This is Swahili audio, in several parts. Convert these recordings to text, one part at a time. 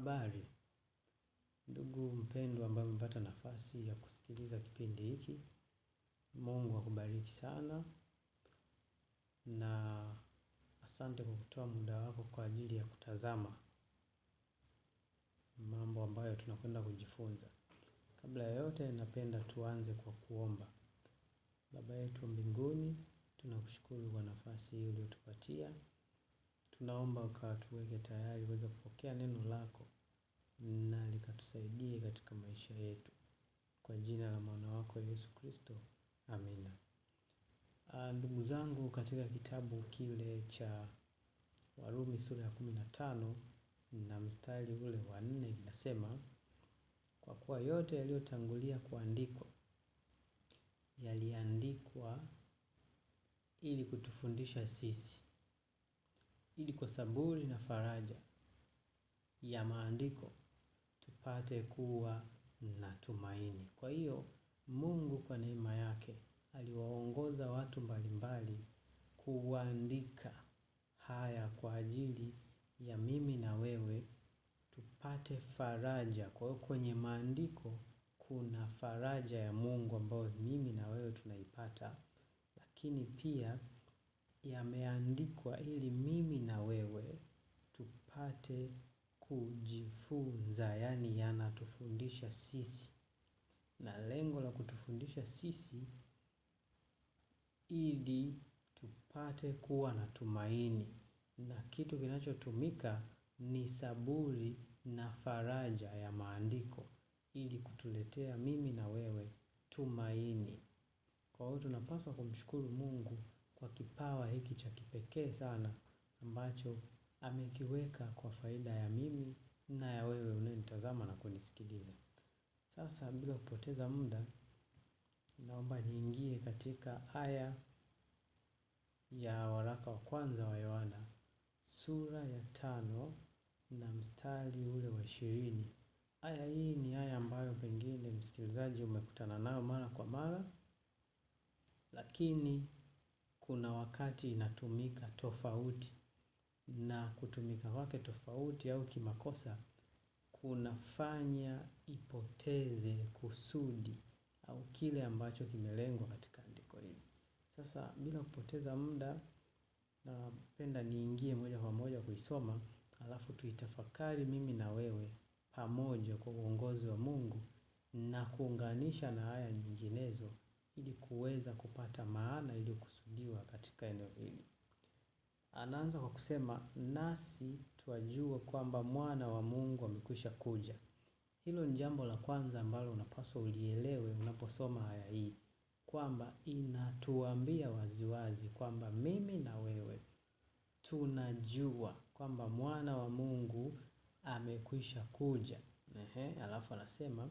Habari, ndugu mpendwa ambaye umepata nafasi ya kusikiliza kipindi hiki. Mungu akubariki sana na asante kwa kutoa muda wako kwa ajili ya kutazama mambo ambayo tunakwenda kujifunza. Kabla ya yote, napenda tuanze kwa kuomba. Baba yetu mbinguni, tunakushukuru kwa nafasi hii uliyotupatia Tunaomba ukatuweke tayari uweze kupokea neno lako na likatusaidie katika maisha yetu, kwa jina la mwana wako Yesu Kristo, amina. Ah, ndugu zangu, katika kitabu kile cha Warumi sura ya kumi na tano na mstari ule wa nne inasema, kwa kuwa yote yaliyotangulia kuandikwa yaliandikwa ili kutufundisha sisi ili kwa saburi na faraja ya maandiko tupate kuwa na tumaini. Kwa hiyo Mungu kwa neema yake aliwaongoza watu mbalimbali kuandika haya kwa ajili ya mimi na wewe tupate faraja. Kwa hiyo kwenye maandiko kuna faraja ya Mungu ambayo mimi na wewe tunaipata, lakini pia yameandikwa ili mimi na wewe tupate kujifunza, yaani yanatufundisha sisi, na lengo la kutufundisha sisi ili tupate kuwa na tumaini, na kitu kinachotumika ni saburi na faraja ya maandiko ili kutuletea mimi na wewe tumaini. Kwa hiyo tunapaswa kumshukuru Mungu kwa kipawa hiki cha kipekee sana ambacho amekiweka kwa faida ya mimi na ya wewe unayenitazama na kunisikiliza. Sasa bila kupoteza muda naomba niingie katika aya ya waraka wa kwanza wa Yohana sura ya tano na mstari ule wa ishirini. Aya hii ni aya ambayo pengine msikilizaji umekutana nayo mara kwa mara, lakini kuna wakati inatumika tofauti na kutumika kwake tofauti au kimakosa kunafanya ipoteze kusudi au kile ambacho kimelengwa katika andiko hili. Sasa bila kupoteza muda, napenda niingie moja kwa moja kuisoma, alafu tuitafakari mimi na wewe pamoja kwa uongozi wa Mungu na kuunganisha na aya nyinginezo ili kuweza kupata maana iliyokusudiwa katika eneo hili. Anaanza kwa kusema nasi twajua kwamba mwana wa Mungu amekwisha kuja. Hilo ni jambo la kwanza ambalo unapaswa ulielewe unaposoma aya hii, kwamba inatuambia waziwazi kwamba mimi na wewe tunajua kwamba mwana wa Mungu amekwisha kuja. Ehe, alafu anasema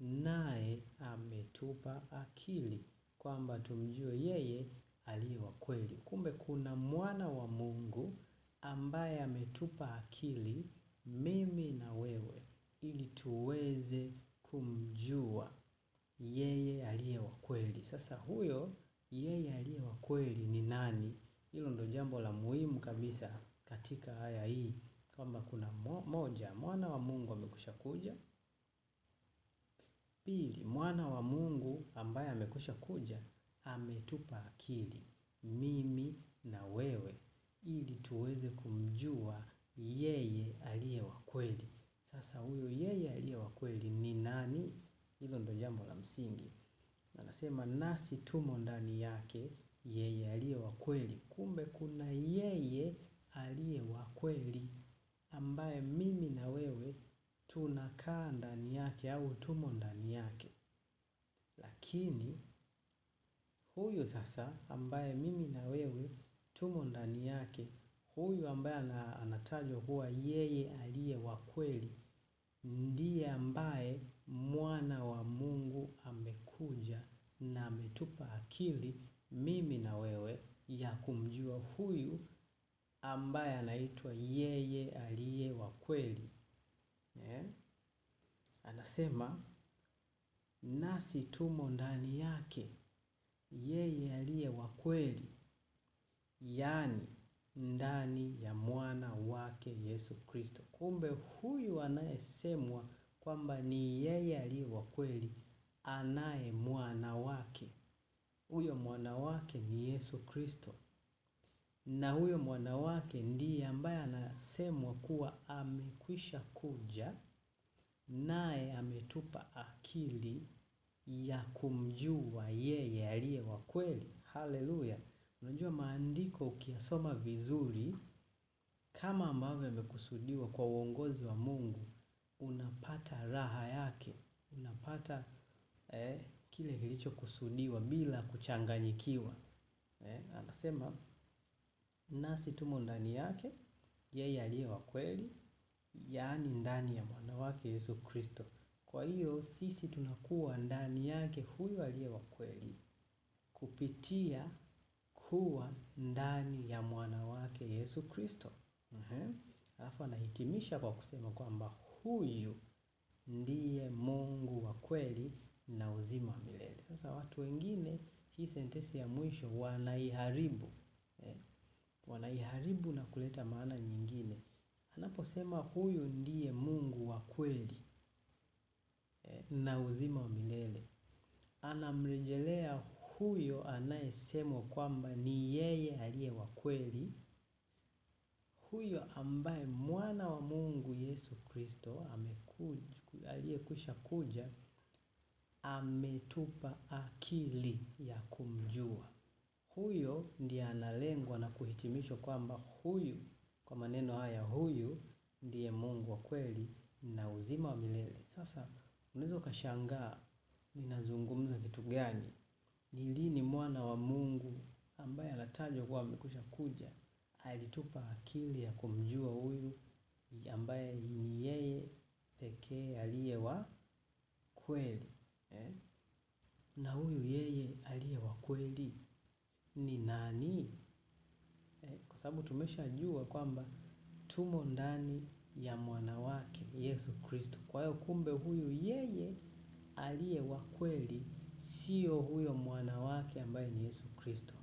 naye ametupa akili kwamba tumjue yeye aliye wa kweli. Kumbe kuna mwana wa Mungu ambaye ametupa akili mimi na wewe ili tuweze kumjua yeye aliye wa kweli. Sasa huyo yeye aliye wa kweli ni nani? Hilo ndo jambo la muhimu kabisa katika aya hii kwamba kuna moja, mwana wa Mungu amekusha kuja Pili, mwana wa Mungu ambaye amekwisha kuja ametupa akili mimi na wewe ili tuweze kumjua yeye aliye wa kweli. Sasa huyo yeye aliye wa kweli ni nani? Hilo ndo jambo la msingi. Anasema nasi tumo ndani yake yeye aliye wa kweli. Kumbe kuna yeye aliye wa kweli ambaye mimi na wewe tunakaa ndani yake au tumo ndani yake. Lakini huyu sasa ambaye mimi na wewe tumo ndani yake, huyu ambaye anatajwa kuwa yeye aliye wa kweli ndiye ambaye mwana wa Mungu amekuja na ametupa akili mimi na wewe ya kumjua huyu ambaye anaitwa yeye aliye wa kweli eh, anasema nasi tumo ndani yake yeye aliye wa kweli, yaani ndani ya mwana wake Yesu Kristo. Kumbe huyu anayesemwa kwamba ni yeye aliye wa kweli anaye mwana wake, huyo mwana wake ni Yesu Kristo na huyo mwanawake ndiye ambaye anasemwa kuwa amekwisha kuja naye ametupa akili ya kumjua yeye aliye wa kweli. Haleluya! Unajua, maandiko ukiyasoma vizuri kama ambavyo yamekusudiwa kwa uongozi wa Mungu, unapata raha yake, unapata eh, kile kilichokusudiwa bila kuchanganyikiwa. Eh, anasema nasi tumo ndani yake, yeye aliye wa kweli, yaani ndani ya mwana wake Yesu Kristo. Kwa hiyo sisi tunakuwa ndani yake huyo aliye wa kweli kupitia kuwa ndani ya mwana wake Yesu Kristo. Alafu anahitimisha kwa kusema kwamba huyu ndiye Mungu wa kweli na uzima wa milele. Sasa watu wengine hii sentensi ya mwisho wanaiharibu wanaiharibu na kuleta maana nyingine. Anaposema huyu ndiye Mungu wa kweli eh, na uzima wa milele, anamrejelea huyo anayesemwa kwamba ni yeye aliye wa kweli, huyo ambaye mwana wa Mungu Yesu Kristo aliyekwisha kuja ametupa akili ya kumjua huyo ndiye analengwa na kuhitimishwa kwamba huyu, kwa maneno haya, huyu ndiye Mungu wa kweli na uzima wa milele. Sasa unaweza ukashangaa ninazungumza kitu gani? Ni lini mwana wa Mungu ambaye anatajwa kuwa amekwisha kuja alitupa akili ya kumjua huyu ambaye ni yeye pekee aliye wa kweli eh? na huyu yeye aliye wa kweli ni nani? Eh, kwa sababu tumeshajua kwamba tumo ndani ya mwanawake Yesu Kristo. Kwa hiyo kumbe huyu yeye aliye wa kweli sio huyo mwanawake ambaye ni Yesu Kristo,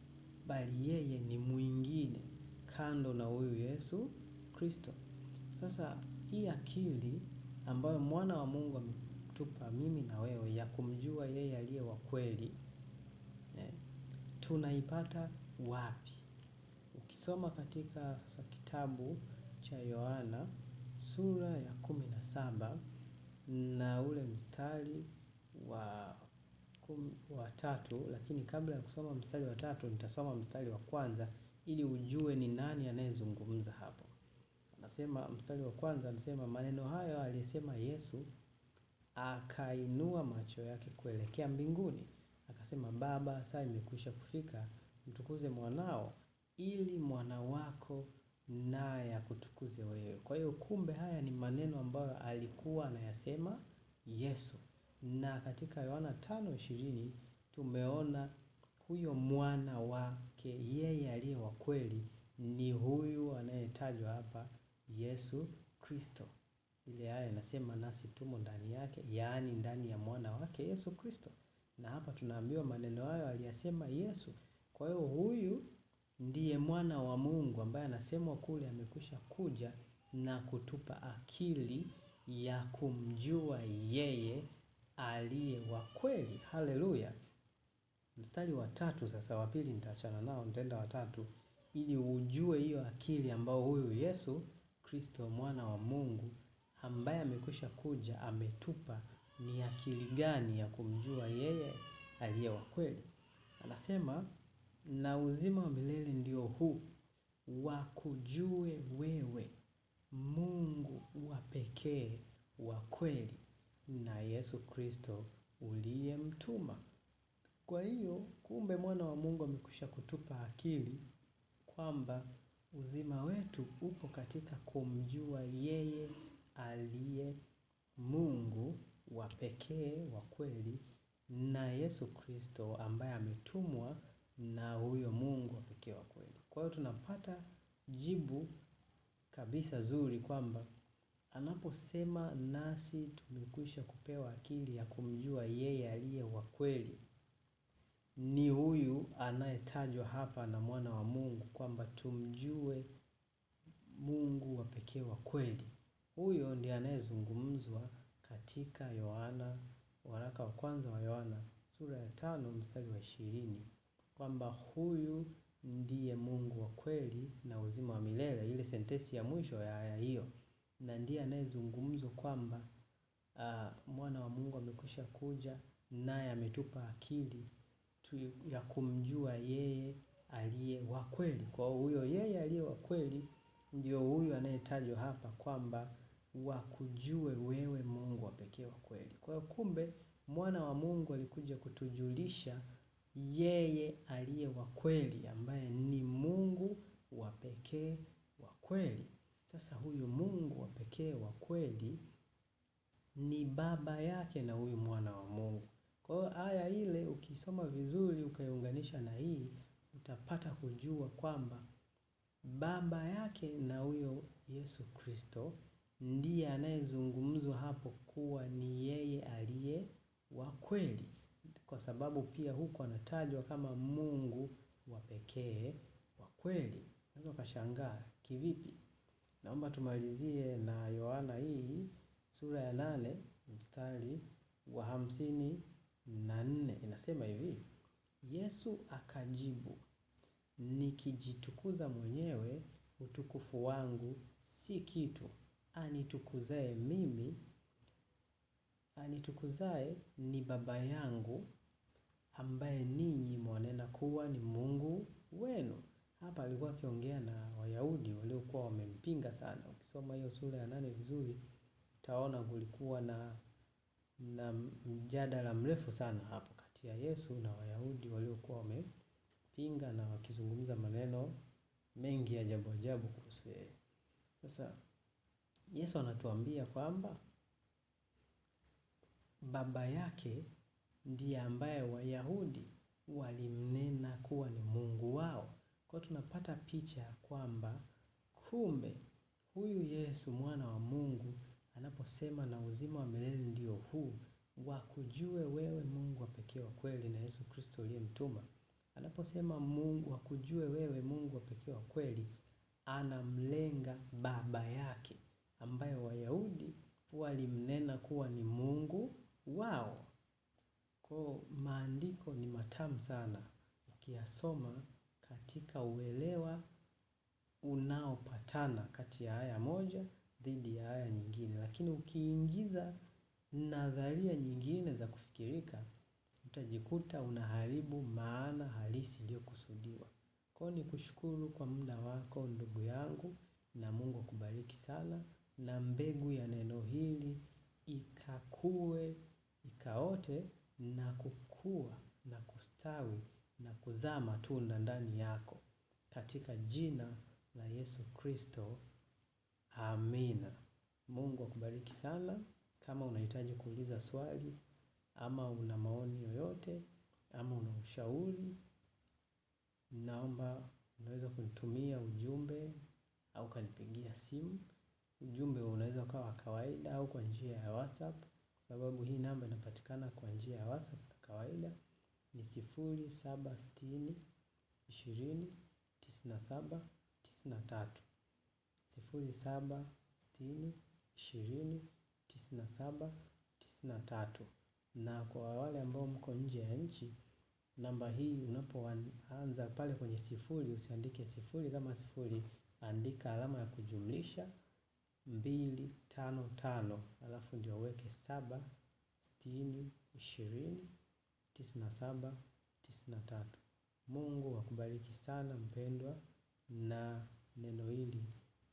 bali yeye ni mwingine kando na huyu Yesu Kristo. Sasa hii akili ambayo mwana wa Mungu ametupa mimi na wewe ya kumjua yeye aliye wa kweli tunaipata wapi? Ukisoma katika sasa kitabu cha Yohana sura ya kumi na saba na ule mstari wa kumi, wa tatu, lakini kabla ya kusoma mstari wa tatu nitasoma mstari wa kwanza ili ujue ni nani anayezungumza hapo. Anasema mstari wa kwanza, anasema maneno hayo aliyesema Yesu, akainua macho yake kuelekea mbinguni Akasema, Baba, saa imekwisha kufika, mtukuze mwanao ili mwana wako naye akutukuze wewe. Kwa hiyo kumbe, haya ni maneno ambayo alikuwa anayasema Yesu, na katika Yohana tano ishirini tumeona huyo mwana wake yeye aliye wa kweli ni huyu anayetajwa hapa Yesu Kristo. Ile aya inasema nasi tumo ndani yake, yaani ndani ya mwana wake Yesu Kristo na hapa tunaambiwa maneno hayo aliyasema Yesu. Kwa hiyo huyu ndiye mwana wa Mungu ambaye anasemwa kule amekwisha kuja na kutupa akili ya kumjua yeye aliye wa kweli. Haleluya! Mstari wa tatu sasa, wa pili nitaachana nao, nitaenda watatu, ili ujue hiyo akili ambayo huyu Yesu Kristo mwana wa Mungu ambaye amekwisha kuja ametupa ni akili gani ya kumjua yeye aliye wa kweli? Anasema na uzima wa milele ndio huu wakujue wewe Mungu wa pekee wa kweli na Yesu Kristo uliyemtuma. Kwa hiyo kumbe mwana wa Mungu amekwisha kutupa akili kwamba uzima wetu upo katika kumjua yeye aliye Mungu wa pekee wa kweli na Yesu Kristo ambaye ametumwa na huyo Mungu wa pekee wa kweli. Kwa hiyo tunapata jibu kabisa zuri kwamba anaposema nasi tumekwisha kupewa akili ya kumjua yeye aliye wa kweli, ni huyu anayetajwa hapa na mwana wa Mungu kwamba tumjue Mungu wa pekee wa kweli. Huyo ndiye anayezungumzwa katika Yohana waraka wa kwanza wa Yohana sura ya tano mstari wa ishirini kwamba huyu ndiye Mungu wa kweli na uzima wa milele, ile sentensi ya mwisho ya aya hiyo, na ndiye anayezungumzwa kwamba uh, mwana wa Mungu amekwisha kuja naye ametupa akili tu ya kumjua yeye aliye wa kweli. Kwa hiyo huyo yeye aliye wa kweli ndio huyu anayetajwa hapa kwamba wakujue wewe Mungu wa pekee wa kweli. Kwa hiyo kumbe mwana wa Mungu alikuja kutujulisha yeye aliye wa kweli ambaye ni Mungu wa pekee wa kweli. Sasa huyu Mungu wa pekee wa kweli ni baba yake na huyu mwana wa Mungu. Kwa hiyo aya ile ukisoma vizuri ukaiunganisha na hii utapata kujua kwamba baba yake na huyo Yesu Kristo ndiye anayezungumzwa hapo kuwa ni yeye aliye wa kweli, kwa sababu pia huko anatajwa kama Mungu wa pekee wa kweli. Unaweza ukashangaa kivipi? Naomba tumalizie na Yohana hii sura ya nane mstari wa hamsini na nne inasema hivi: Yesu akajibu, nikijitukuza mwenyewe utukufu wangu si kitu, anitukuzae mimi, anitukuzae ni Baba yangu ambaye ninyi mwanena kuwa ni Mungu wenu. Hapa alikuwa akiongea na Wayahudi waliokuwa wamempinga sana. Ukisoma hiyo sura ya nane vizuri, utaona kulikuwa na na mjadala mrefu sana hapo kati ya Yesu na Wayahudi waliokuwa wamempinga na wakizungumza maneno mengi ya ajabu ajabu kuhusu yeye. Sasa Yesu anatuambia kwamba baba yake ndiye ambaye Wayahudi walimnena kuwa ni Mungu wao. Kwa tunapata picha ya kwamba kumbe huyu Yesu mwana wa Mungu anaposema na uzima wa milele ndio huu wakujue wewe Mungu wa pekee wa kweli na Yesu Kristo uliyemtuma. Anaposema Mungu wakujue wewe Mungu wa pekee wa kweli, anamlenga baba yake ambayo Wayahudi walimnena kuwa ni Mungu wao. Kwa maandiko ni matamu sana ukiyasoma katika uelewa unaopatana kati ya aya moja dhidi ya aya nyingine, lakini ukiingiza nadharia nyingine za kufikirika utajikuta unaharibu maana halisi iliyokusudiwa. Kwa ni kushukuru kwa muda wako ndugu yangu, na Mungu akubariki sana na mbegu ya neno hili ikakue, ikaote na kukua na kustawi na kuzaa matunda ndani yako katika jina la Yesu Kristo, amina. Mungu akubariki sana. Kama unahitaji kuuliza swali ama una maoni yoyote ama una ushauri, naomba unaweza kunitumia ujumbe au kanipigia simu Ujumbe unaweza ukawa wa kawaida au kwa njia ya WhatsApp kwa sababu hii namba inapatikana kwa njia ya WhatsApp ya kawaida ni sifuri saba sitini ishirini tisini na saba tisini na tatu. Sifuri saba sitini ishirini tisini na saba tisini na tatu. Na kwa wale ambao mko nje ya nchi namba hii unapoanza pale kwenye sifuri usiandike sifuri kama sifuri andika alama ya kujumlisha mbili tano tano alafu ndio uweke saba sitini ishirini tisini na saba tisini na tatu. Mungu akubariki sana mpendwa, na neno hili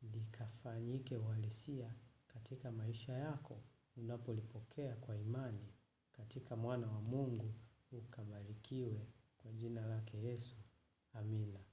likafanyike uhalisia katika maisha yako unapolipokea kwa imani katika mwana wa Mungu, ukabarikiwe kwa jina lake Yesu, amina.